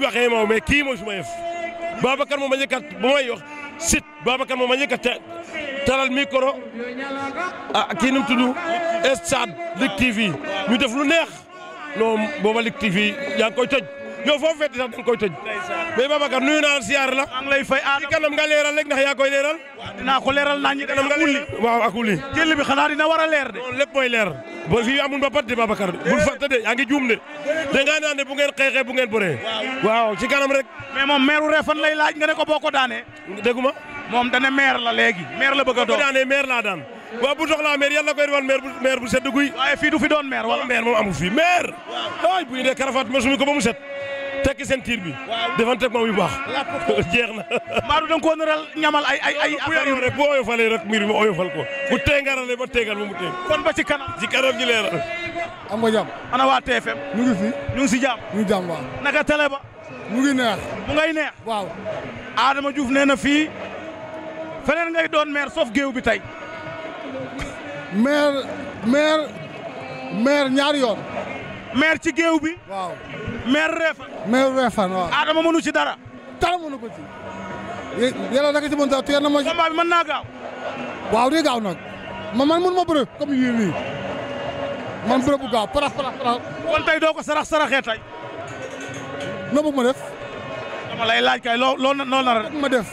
ñëpp waxee moom mais kii mooy su ma yëf Babacar moom ma njëkkat bu may wax sit Babacar moom ma njëkkat taral micro ah kii nu mu tudd stade Ligue TV ñu def lu neex non booba Ligue TV yaa ngi koy toj. yow foofu fekk sax dañ koy tëj. mais Babacar nuyu naa siyaar la. maa ngi lay fay aadama ci kanam nga leeral rek ndax yaa koy leeral. waaw ko leeral naa ñu kanam nga leeral waaw ak wuli. jël bi xanaa dina war a leer de. non lépp leer. ba fii amul ba pat de bul fàtte de yaa juum de. da ngaa naan de bu ngeen xeexee bu ngeen waaw ci kanam rek. mais moom meeru lay laaj nga ne ko boo ko moom dana meer la léegi. meer la bëgg a doon boo meer laa daan. waaw bu soxlaa maire yàlla tekki seen tiir bi. waaw defanteeg moom yu baax. jeex na. Maodo da nga koo ñamal ay ay ay. affaire yu rek bu oyofalee rek mbir mi oyofal ko bu teengaralee ba teengal ba mu teeng. kon ba ci kanam. ci kanam ñu leeral. am nga jàmm. ana waa TFM. ñu fi. ñu si jàmm. ñu ngi jàmm waaw. naka télé ba. mu neex. mu ngay neex. waaw. aadama Diouf nee na fii feneen ngay doon maire sauf géew bi tey. maire maire maire yoon. maire ci géew bi. waaw. maire Réfane. maire Réfane waaw. Adama mënu ci dara. dara mënu ko ci. yàlla da ci mën a teel na ma. combat bi mën gaaw. waaw day gaaw nag man man mënuma bëre comme yii nii man bëre bu gaaw parax parax parax. kon tey doo ko sarax saraxee tey. noo bëgg ma def. dama lay kay loo loo noo nar ma def.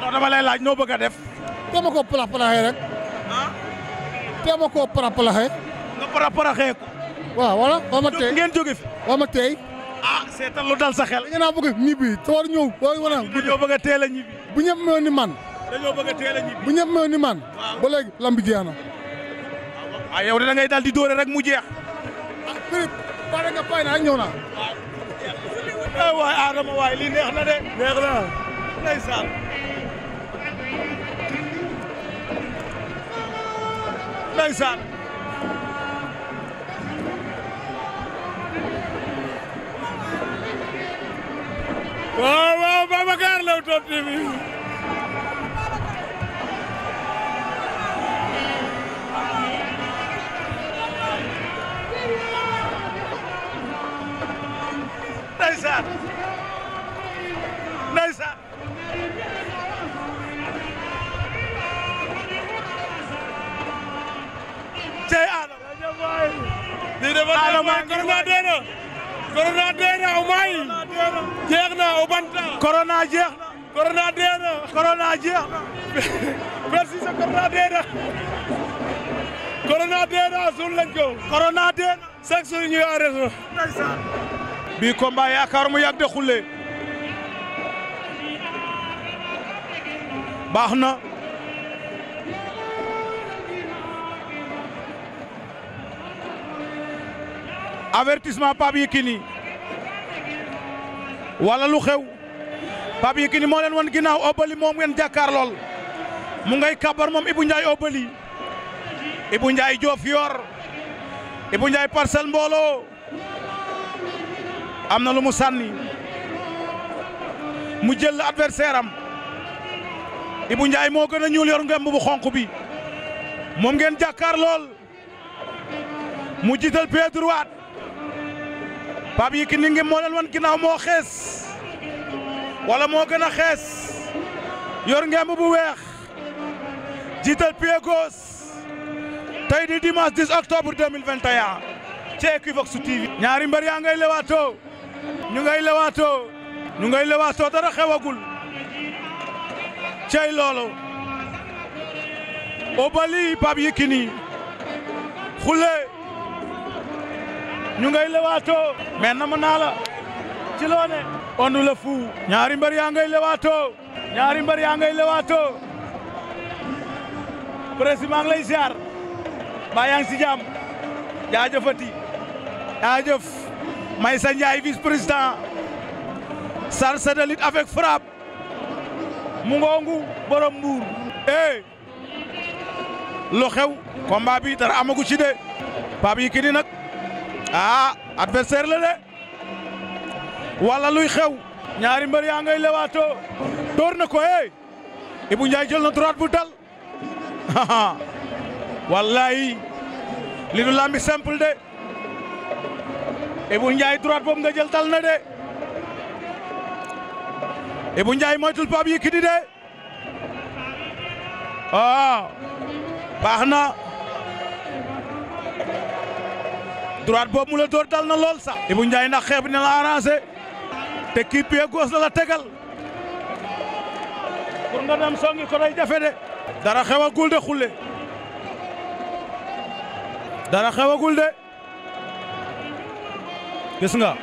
non dama laaj noo bëgg a def. teema koo parax paraxee rek. ah. teema koo parax paraxee. nga parax paraxee ko. waaw wala waa ma tey ngeen jóge fi. waa ah seetal lu dal sa xel. da nga ñibbi te war ñëw. war war a ñëw bëgg a bu ñëpp meewoon a teel ñibbi. bu ñëpp meewoon ni man. ba léegi lamb bi na. waaw ah, yow da ngay dal di dóore rek mu jeex. ah Philippe pare fay ah, na ak ñëw na Leewtoo TV ndeysaan ndeysaan cey Adama Corona dee na Corona dee na o maayi jeex na o banta Corona jeex na corona dee na corona jeex na merci sa corona dee na corona dee na suul lañ ko corona dee na chaque jour ñuy arrêté ndeysaan bii combat yaakaar mu de xulle baax na avertissement Pape Yekini wala lu xew Pape Yékini moo leen wan ginnaaw Obeuly moom ngeen jàkkaar lool mu ngay kabar moom Ibou Ndiaye Obeuly Ibou Ndiaye Diofior Ibou Ndiaye Parcelles mbooloo am na lu mu sànni mu jël adversaire am Ibou moo gën a ñuul yor ngemb bu xonq bi moom ngeen jàkkaar lool mu jiital pied droit Pape Yékini ngi moo leen wan ginnaaw moo xees wala moo gën a xees yor ngemb bu weex jiital pied gauche tey di dimanche 10 octobre 2021 ci Equivox TV. ñaari mbër yaa ngay lewaatoo ñu ngay lewaatoo ñu ngay lewaatoo dara xewagul cey loolu Obali Pape Yekini Khoulé ñu ngay lewaatoo mais nama naa la ci loone ondu la fu ñaari mbër yaa ngay lewaato ñaari mbër yaa ngay lewaato prési maa ngi lay ziar ba ngi si jàmm jaajëfati jaajëf Maysa Ndiaye vice président sarsa de lutte avec frappe mu ngoongu borom mbuur e lu xew combat bi dara amagu ci de Pape Yekini nag ah adversaire la de walla luy xew ñaari mbër yaa ngay lewaatoo door na ko eh Ibou Ndiaye jël na droite bu dal wallahi li du lambi simple de Ibou Ndiaye droite boobu nga jël dal na de Ibou Ndiaye moytul Pape Yékini de ah, baax na droite boobu mu la door dal na lool sax Ibou Ndiaye ndax xeeb na te kii pied gauche tegal pour nga dem songi ko day jafe de dara xewagul de xulle dara xewagul de gis nga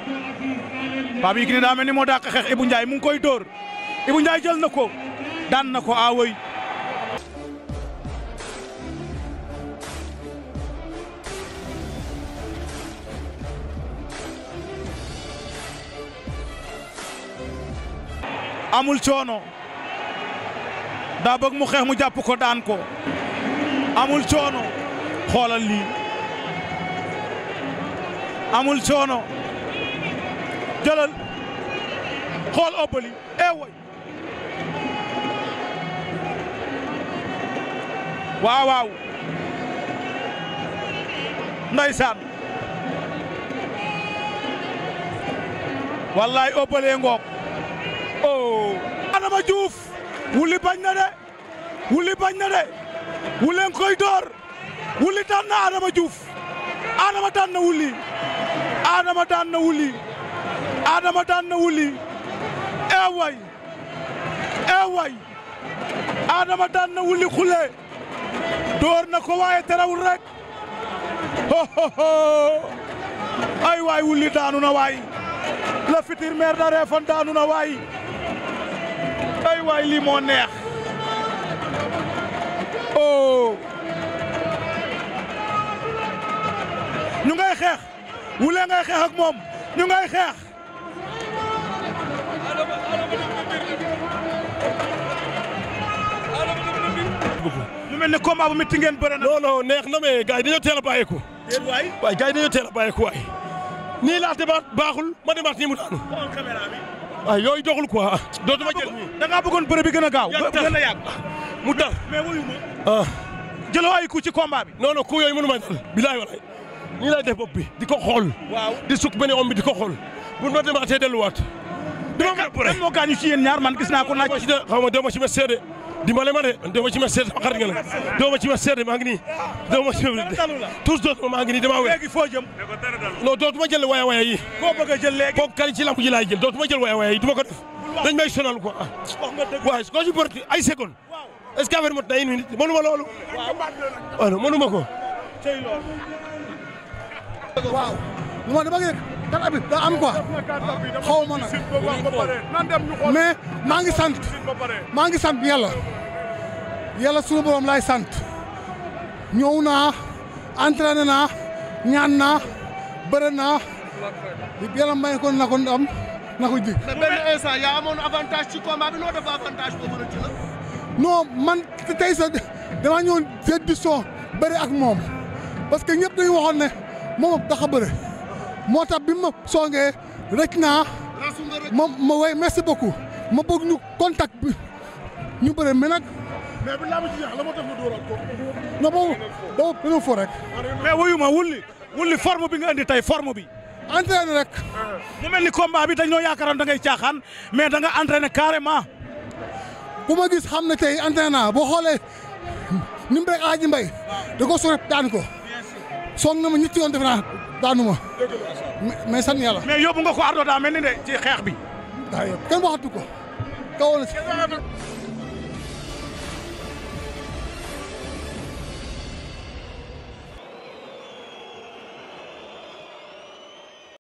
Pape Yékini daa ni moo dàq xeex Ibou Ndiaye mu ngi koy dóor Ibou Ndiaye jël na ko daan na ko aawoy ah amul coono daa bëgg mu xeex mu jàpp ko daan ko amul coono xoolal lii amul coono jëlal xool Obeuli eh woy waaw waaw wallaay Obeuli ngoog oh. Adama Diouf wuli bañ na de wuli koy door wuli daan na Adama Diouf Adama daan na wuli Adama daan na wuli Adama daan eh eh Adama daan na wuli xule door na ko waaye terewul rek ay waay wuli daanu na waay la fitir meer da daanu na waay ay waay lii moo neex oh ñu ngay xeex Wouly ngay xeex ak moom ñu ngay xeex mu mel ne combat bu métti ngeen na non neex na mais gars yi dañoo teel a bàyyeeku waay waay gars yi dañoo teel a waay nii laa demaat baaxul ma demaat nii mu daanu waaw ah, yooyu doxul quoi. dootuma jël nii da ngaa bëggoon bëre bi gën a gaaw. gën a yàgg mu tax mais wuyu ma. Ah. jëloo ay ku ci combat bi. non non ku yooyu mënu ma dal bilaay walaay nii lay def bopp bi di ko xool. waaw di sukk benn om bi di ko xool bu noo demaatee delluwaat. dama mën a bëre moo gaañu ci yéen ñaar man gis naa ko naaj. de ma dama ci ma seede dimbale ma de doo ma ci ma seet sama xarit nga la doo ma ci ma ngi nii doo ma ci tous doot ma ngi nii damaa wér léegi dootuma jël waaya waaya yi koo bëgg a jël jël dootuma jël waaya waaya yi du ko def dañ may sonal quoi a koo ci porte ay seconde est-ce que affaire mot na une minute mënu loolu waaw mënu ko kat abit da mais maa ngi sant maa ngi sant yàlla yàlla sunu borom laay sant ñëw naa entraîné naa ñaan naa bëre naa yàlla may ko na ko am na ko ji. mais benn instant amoon avantage ci combat noo def avantage boobu rek man tey sa ñëw ñëwoon seen disons bëri ak moom parce que ñëpp dañu waxoon ne moom dafa bëre. moo tax bi ma songee rëcc naa ma ma woy merci beaucoup ma bëgg ñu contact bi ñu bëre mais nag. mais bi laa ma ko. non boobu boobu dañoo fo rek. mais wuyu ma wulli wulli forme bi nga indi tey forme bi. entraîné rek. mu mel ni combat bi dañoo yaakaaroon da ngay caaxaan mais danga nga entraîné carrément. bu ma gis xam na tey entraîné naa boo xoolee ni mu rek aaji mbay da ko sori ko. song na ma ñetti yoon defe naa daanu ma mais sant yàlla. mais yóbbu nga ko Ardo daa mel ni de ci xeex bi. daa yóbbu kenn waxatu ko kawoon na